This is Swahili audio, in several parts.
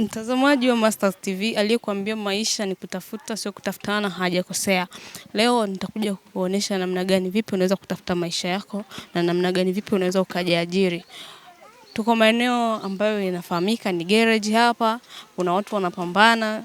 Mtazamaji wa Mastaz TV aliyekuambia maisha ni kutafuta sio kutafutana hajakosea. Leo nitakuja kuonesha namna gani vipi unaweza kutafuta maisha yako na namna gani vipi unaweza ukajiajiri. Tuko maeneo ambayo inafahamika ni garage hapa, kuna watu wanapambana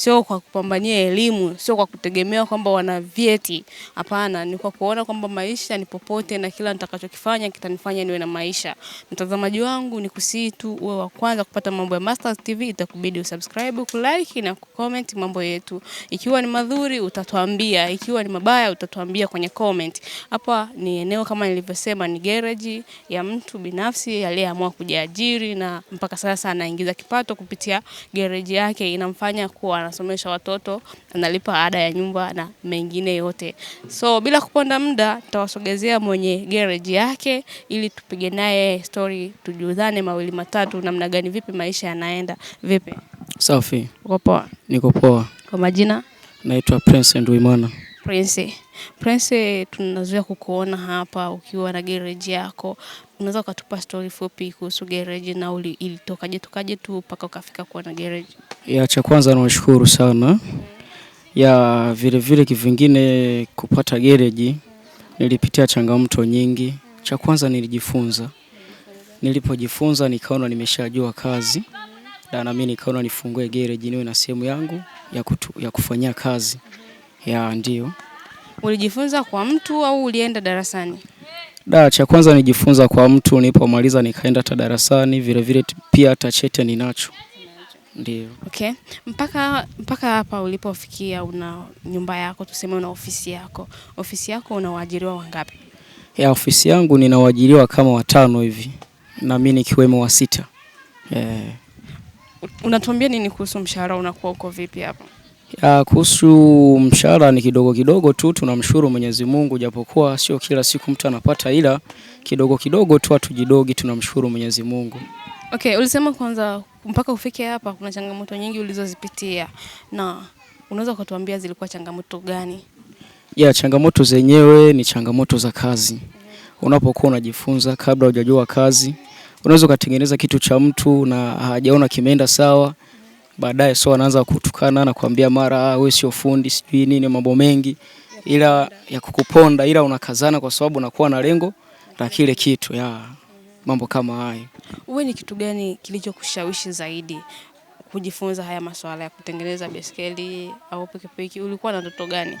sio kwa kupambania elimu, sio kwa kutegemea kwamba wana vyeti. Hapana, ni kwa kuona kwamba maisha ni popote na kila nitakachokifanya kitanifanya niwe na maisha. Mtazamaji wangu, ni kusii tu uwe wa kwanza kupata mambo ya Mastaz TV, itakubidi usubscribe, kulike na kucomment mambo yetu. Ikiwa ni mazuri utatuambia, ikiwa ni mabaya utatuambia kwenye comment. Hapa ni eneo kama nilivyosema, ni gereji ya mtu binafsi aliyeamua kujiajiri na mpaka sasa anaingiza kipato kupitia gereji yake, inamfanya kuwa anasomesha watoto, analipa ada ya nyumba na mengine yote. So bila kuponda muda, tawasogezea mwenye garage yake ili tupige naye story, tujuzane mawili matatu, namna gani, vipi maisha yanaenda vipi. Safi. Uko poa? Niko poa. Kwa majina naitwa Prince Ndwimana. Prince, Prince, tunazoea kukuona hapa ukiwa na garage yako. Unaweza ukatupa story fupi kuhusu garage na ulitokaje tokaje tu mpaka ukafika kuwa na garage? Ya cha kwanza nawashukuru sana ya vile vile kivingine kupata gereji, nilipitia changamoto nyingi. Cha kwanza nilijifunza, nilipojifunza nikaona nimeshajua kazi na nami nikaona nifungue gereji niwe na sehemu yangu ya, kutu, ya kufanyia kazi ya ndio. Ulijifunza kwa mtu au ulienda darasani? Da, cha kwanza nijifunza kwa mtu, nilipomaliza nikaenda hata darasani vile vile pia hata cheti ninacho. Ndiyo. Okay. Mpaka mpaka hapa ulipofikia una nyumba yako, tuseme una ofisi yako. Ofisi yako una waajiriwa wangapi? Ya ofisi yangu nina waajiriwa kama watano hivi na mimi nikiwemo wa sita. Yeah. Unatuambia nini kuhusu mshahara, unakuwa uko vipi hapa? Ya, kuhusu mshahara ni kidogo kidogo tu, tunamshukuru Mwenyezi Mungu, japokuwa sio kila siku mtu anapata, ila kidogo kidogo tu, hatujidogi, tunamshukuru Mwenyezi Mungu. Okay, ulisema kwanza mpaka ufike hapa, kuna changamoto nyingi ulizozipitia, na unaweza kutuambia zilikuwa changamoto gani? Yeah, changamoto zenyewe ni changamoto za kazi. Unapokuwa unajifunza kabla hujajua kazi, unaweza ukatengeneza kitu cha mtu na hajaona kimeenda sawa, baadaye so anaanza kutukana na kuambia mara ah, wewe sio fundi, sijui nini, mambo mengi ila ya kukuponda, ila unakazana kwa sababu unakuwa na lengo la kile kitu yeah mambo kama hayo. Uwe ni kitu gani kilichokushawishi zaidi kujifunza haya masuala ya kutengeneza baiskeli au pikipiki? Ulikuwa na ndoto gani?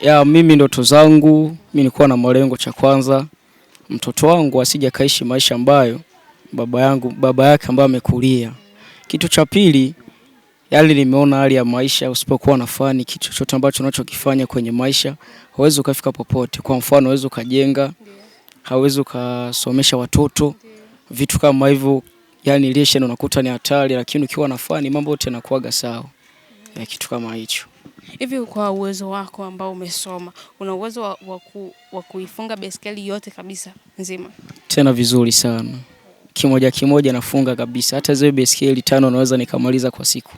Ya, mimi ndoto zangu, mimi nilikuwa na malengo, cha kwanza mtoto wangu asije kaishi maisha ambayo baba yangu baba yake ambaye amekulia. Kitu cha pili, yale nimeona hali ya maisha, usipokuwa na fani, kitu chochote ambacho unachokifanya kwenye maisha huwezi ukafika popote. Kwa mfano, huwezi ukajenga hawezi ukasomesha watoto vitu kama hivyo, yani leshen unakuta ni hatari, lakini ukiwa na fani mambo yote yanakuaga sawa ya kitu kama hicho. Hivi kwa uwezo wako ambao umesoma, una uwezo wa, wa, ku, wa kuifunga baiskeli yote kabisa nzima? Tena vizuri sana, kimoja kimoja nafunga kabisa, hata zile baiskeli tano naweza nikamaliza kwa siku,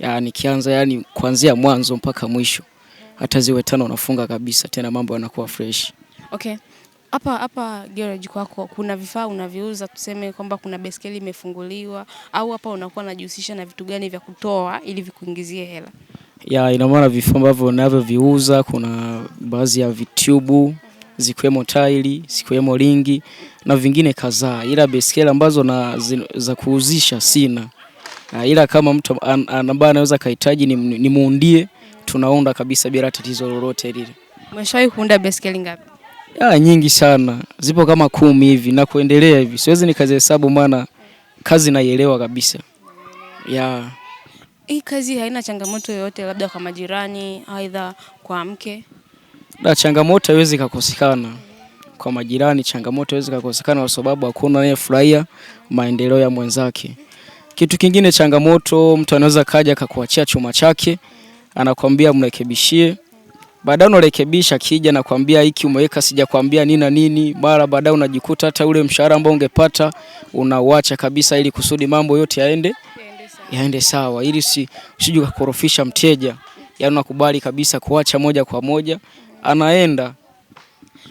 yani kianza, yani kuanzia mwanzo mpaka mwisho, hata ziwe tano nafunga kabisa, tena mambo yanakuwa fresh. Okay hapa hapa garage kwako kuna vifaa unaviuza, tuseme kwamba kuna beskeli imefunguliwa au hapa unakuwa unajihusisha na vitu gani vya kutoa ili vikuingizie hela? Ya, ina maana vifaa ambavyo navyoviuza kuna baadhi ya vitubu zikiwemo taili, zikiwemo ringi na vingine kadhaa, ila beskeli ambazo na za kuuzisha sina. ila kama mtu an, ambaye anaweza kahitaji nimuundie, ni tunaunda kabisa bila tatizo lolote lile. Umeshawahi kuunda beskeli ngapi? Ya, ah, nyingi sana zipo kama kumi hivi na kuendelea hivi, siwezi nikazihesabu, maana kazi naielewa kabisa ya. Hii kazi haina changamoto yoyote, labda kwa majirani, aidha kwa mke? Na changamoto haiwezi kukosekana kwa majirani, changamoto haiwezi kukosekana kwa sababu hakuna anayefurahia maendeleo ya mwenzake. Kitu kingine changamoto, mtu anaweza kaja akakuachia chuma chake, anakwambia mrekebishie baadaye unarekebisha kija na kuambia hiki umeweka sija sijakwambia nini na nini, mara baadaye unajikuta hata ule mshahara ambao ungepata unauacha kabisa, ili kusudi mambo yote yaende yaende sawa, ili si usije kukorofisha mteja. Yaani unakubali kabisa kuacha moja kwa moja, anaenda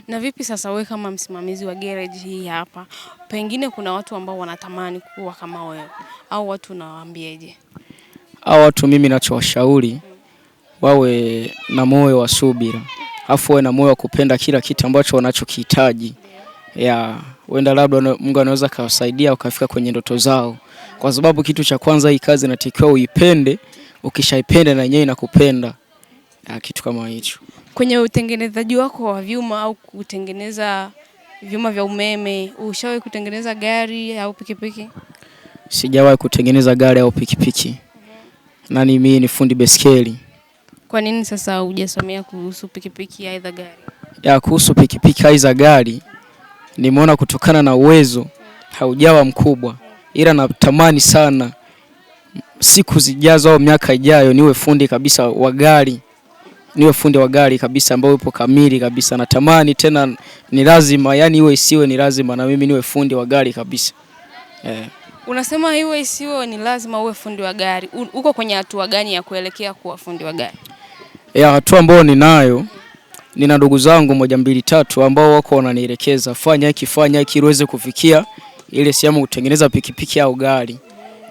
na vipi sasa, wewe kama msimamizi wa garage hii hapa, pengine kuna watu ambao wanatamani kuwa kama wewe, au watu unawaambiaje? Au watu mimi nachowashauri mm wawe na moyo wa subira, afu wawe na moyo wa kupenda kila kitu ambacho wanachokihitaji. Ya wenda labda Mungu anaweza kawasaidia ukafika kwenye ndoto zao, kwa sababu kitu cha kwanza, hii kazi inatakiwa uipende. Ukishaipenda na yenyewe inakupenda, kitu kama hicho. Kwenye utengenezaji wako wa vyuma au kutengeneza vyuma vya umeme, ushawahi kutengeneza gari au pikipiki? Sijawahi kutengeneza gari au pikipiki. Nani mimi ni fundi beskeli. Kwa nini sasa hujasomea kuhusu pikipiki aidha gari? Ya kuhusu pikipiki aidha gari nimeona kutokana na uwezo haujawa mkubwa, ila natamani sana siku zijazo au miaka ijayo niwe fundi kabisa wa gari, niwe fundi wa gari kabisa ambao upo kamili kabisa. Natamani tena, ni lazima, yani iwe isiwe ni lazima, na mimi niwe fundi wa gari kabisa eh. Unasema iwe isiwe ni lazima uwe fundi wa gari, uko kwenye hatua gani ya kuelekea kuwa fundi wa gari? ya hatua ambayo ninayo, nina ndugu zangu moja mbili tatu ambao wako wananielekeza, fanya hiki, fanya hiki ili uweze kufikia ile sehemu kutengeneza pikipiki au gari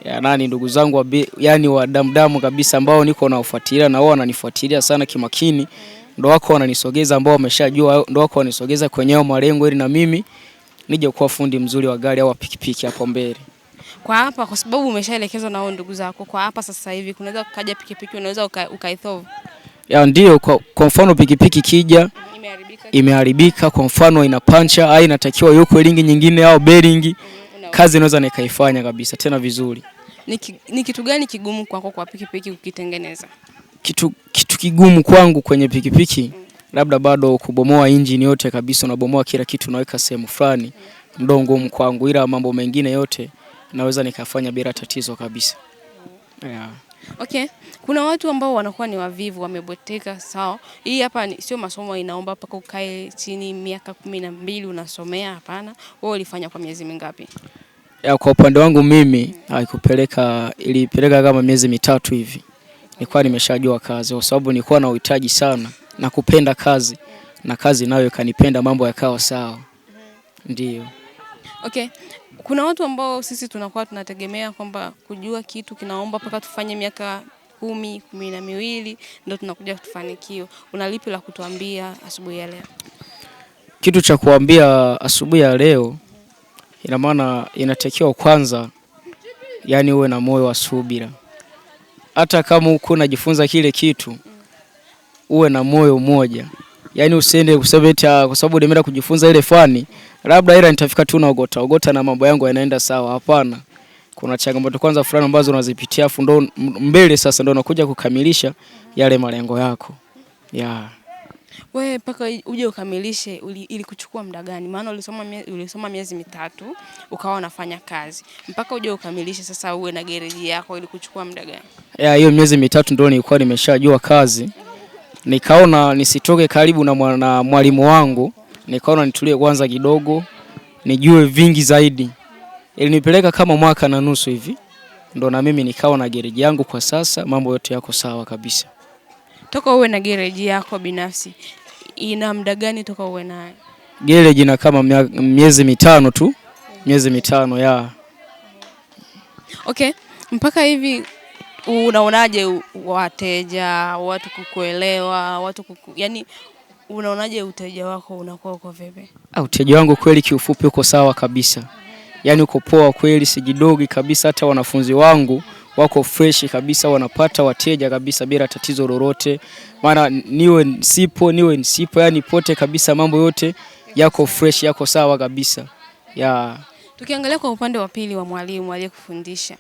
ya nani. Ndugu zangu wa yani wa damdamu kabisa ambao niko nawafuatilia na wao wananifuatilia sana kimakini, ndo wako wananisogeza, ambao wameshajua, ndo wako wanisogeza kwenye hayo malengo, ili na mimi nije kuwa fundi mzuri wa gari au pikipiki hapo mbele. Kwa hapa kwa sababu umeshaelekezwa na wao ndugu zako, kwa hapa sasa hivi kunaweza kukaja pikipiki, unaweza ukaithovu uka ndio, kwa, kwa mfano pikipiki kija imeharibika, kwa mfano ina pancha au inatakiwa yuko ringi nyingine au beringi, mm-hmm. kazi inaweza nikaifanya kabisa tena vizuri. Ni, ki, ni kitu gani kigumu kwako kwa pikipiki kukitengeneza? Kitu, kitu kigumu kwangu kwenye pikipiki mm. labda bado kubomoa injini yote kabisa, unabomoa kila kitu unaweka sehemu fulani mm. ndo ngumu kwangu, ila mambo mengine yote naweza nikafanya bila tatizo kabisa mm. yeah. Okay. Kuna watu ambao wanakuwa ni wavivu, wameboteka sawa. Hii hapa sio masomo inaomba mpaka ukae chini miaka kumi na mbili unasomea, hapana. Wewe ulifanya kwa miezi mingapi? Ya, kwa upande wangu mimi haikupeleka, ilipeleka kama miezi mitatu hivi. Nilikuwa nimeshajua kazi kwa sababu nilikuwa na uhitaji sana na kupenda kazi na kazi nayo ikanipenda, mambo yakawa sawa. Ndiyo. Okay kuna watu ambao sisi tunakuwa tunategemea kwamba kujua kitu kinaomba mpaka tufanye miaka kumi kumi na miwili ndio tunakuja kutufanikiwa. Una lipi la kutuambia asubuhi ya leo? Kitu cha kuambia asubuhi ya leo, ina maana inatakiwa kwanza, yani uwe na moyo wa subira, hata kama uko unajifunza kile kitu, uwe na moyo mmoja, yani usiende kusema eti ah, kwa sababu nimeenda kujifunza ile fani labda, ila nitafika tu naogota ogota na mambo yangu yanaenda sawa. Hapana, kuna changamoto kwanza fulani ambazo unazipitia afu ndo mbele sasa ndo unakuja kukamilisha yale malengo yako ya yeah. Wewe mpaka uje ukamilishe ili kuchukua muda gani? Maana ulisoma ulisoma miezi mitatu ukawa unafanya kazi mpaka uje ukamilishe sasa uwe na gereji yako ili kuchukua muda gani? Yeah, hiyo miezi mitatu ndo nilikuwa nimeshajua kazi, nikaona nisitoke karibu na mwalimu wangu nikaona nitulie kwanza kidogo nijue vingi zaidi. Ilinipeleka kama mwaka na nusu hivi, ndo na mimi nikawa na gereji yangu. Kwa sasa mambo yote yako sawa kabisa. Toka uwe na gereji yako binafsi, ina muda gani toka uwe nayo gereji? Na kama miezi mitano tu, miezi mitano ya okay. Mpaka hivi unaonaje wateja, watu kukuelewa, watu kuku, yani unaonaje uteja wako unakuwa uko vipi? Ah, uteja wangu kweli, kiufupi, uko sawa kabisa, yaani uko poa kweli, sijidogi kabisa. Hata wanafunzi wangu wako freshi kabisa, wanapata wateja kabisa bila tatizo lolote, maana niwe nsipo niwe nsipo, yani pote kabisa, mambo yote yako fresh, yako sawa kabisa ya. Tukiangalia kwa upande wa pili wa mwalimu aliyekufundisha,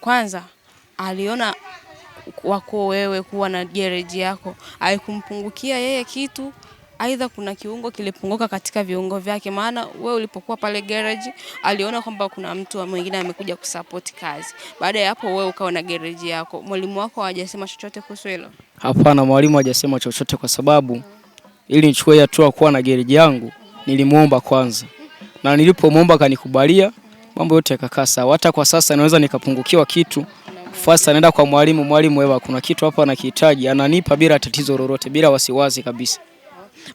kwanza aliona wako wewe kuwa na gereji yako haikumpungukia yeye kitu, aidha kuna kiungo kilipunguka katika viungo vyake, maana wewe ulipokuwa pale gereji aliona kwamba kuna mtu mwingine amekuja kusupport kazi. Baada ya hapo, wewe ukawa na gereji yako. Mwalimu wako hajasema chochote kuhusu hilo? Hapana, mwalimu hajasema chochote kwa sababu ili nichukue hatua kuwa na gereji yangu nilimwomba kwanza, na nilipomwomba akanikubalia, mambo yote yakakaa sawa. Hata kwa sasa naweza nikapungukiwa kitu First anaenda kwa mwalimu, mwalimu wewe, kuna kitu hapa anakihitaji, ananipa bila tatizo lolote, bila wasiwasi kabisa.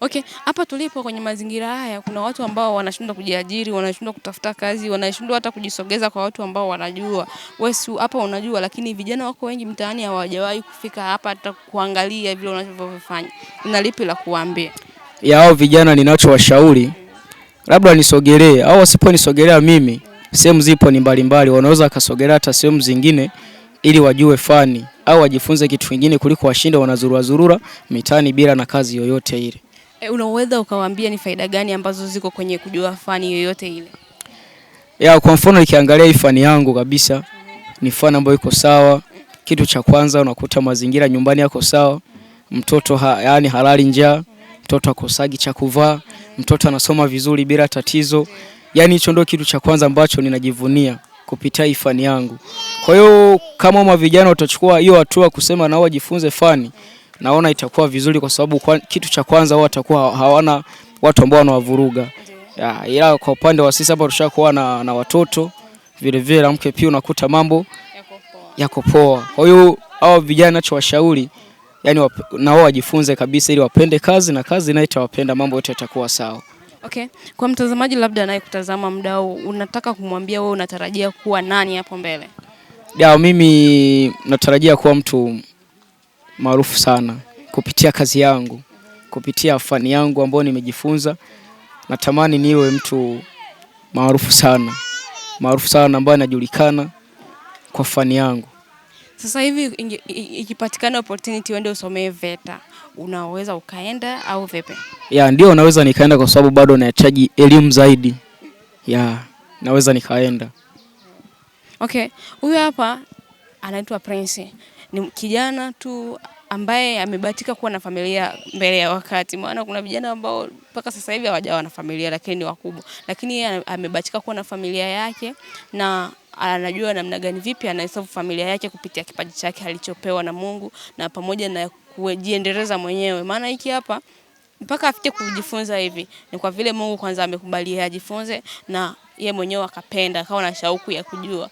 Okay, hapa tulipo kwenye mazingira haya kuna watu ambao wanashindwa kujiajiri, wanashindwa kutafuta kazi, wanashindwa hata kujisogeza kwa watu ambao wanajua. Wewe hapa unajua, lakini vijana wako wengi mtaani hawajawahi kufika hapa hata kuangalia vile unavyofanya. Una lipi la kuwaambia? hao vijana ninachowashauri labda nisogelee au wasiponisogelea mimi, sehemu zipo ni mbalimbali, wanaweza wakasogelea hata sehemu zingine ili wajue fani au wajifunze kitu kingine kuliko washinda wanazurura zurura mitaani bila na kazi yoyote ile. E, unaweza ukawaambia ni faida gani ambazo ziko kwenye kujua fani yoyote ile? Ya, kwa mfano nikiangalia hii fani yangu kabisa ni fani ambayo iko sawa. Kitu cha kwanza unakuta mazingira nyumbani yako sawa, mtoto ha, yani halali njaa, mtoto akosagi cha kuvaa, mtoto anasoma vizuri bila tatizo. Yani hicho ndio kitu cha kwanza ambacho ninajivunia kupitia hii fani yangu. Kwa hiyo kama ma vijana utachukua hiyo hatua kusema nao wajifunze fani, naona itakuwa vizuri, kwa sababu kwa, kitu cha kwanza wao watakuwa hawana watu ambao wanawavuruga, ila kwa upande wa sisi hapa tushakuwa na, na watoto vile vile na mke pia, unakuta mambo yako poa. Kwa hiyo hao vijana nacho washauri yani, na wao wajifunze kabisa, ili wapende kazi na kazi nayo itawapenda, mambo yote yatakuwa sawa. Okay. Kwa mtazamaji labda anayekutazama muda huu, unataka kumwambia wewe unatarajia kuwa nani hapo mbele? Ya, mimi natarajia kuwa mtu maarufu sana kupitia kazi yangu, kupitia fani yangu ambayo nimejifunza. Natamani niwe mtu maarufu sana, maarufu sana ambaye anajulikana kwa fani yangu. Sasa hivi ikipatikana opportunity uende usomee VETA, unaweza ukaenda au vipi? Yeah, ndio naweza nikaenda kwa sababu bado nahitaji elimu zaidi. Yeah, naweza nikaenda. Okay, huyu hapa anaitwa Prince. Ni kijana tu ambaye amebahatika kuwa na familia mbele ya wakati, maana kuna vijana ambao mpaka sasa hivi hawajawa na familia, lakini ni wakubwa, lakini yeye amebahatika kuwa na familia yake na anajua namna gani vipi anahesabu familia yake kupitia kipaji chake alichopewa na Mungu na pamoja na kujiendeleza mwenyewe, maana hiki hapa mpaka afike kujifunza hivi ni kwa vile Mungu kwanza amekubalia ajifunze na ye mwenyewe akapenda akawa na shauku ya kujua.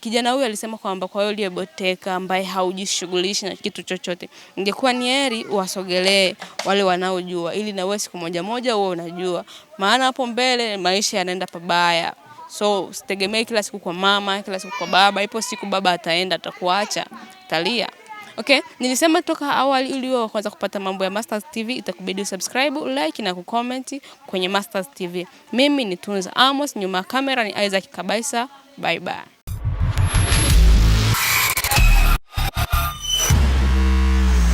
Kijana huyu alisema kwamba kwa yule aliyeboteka ambaye haujishughulishi na kitu chochote, ingekuwa ni heri wasogelee wale wanaojua, ili na wewe siku moja moja uwe unajua, maana hapo mbele maisha yanaenda pabaya. So sitegemee kila siku kwa mama, kila siku kwa baba. Ipo siku baba ataenda, atakuacha, talia Okay, nilisema toka awali, ili wewe kwanza kupata mambo ya Mastaz TV itakubidi usubscribe, like na kucomment kwenye Mastaz TV. Mimi ni Tunza Amos, nyuma ya kamera ni Isaac Kabaisa. Bye bye.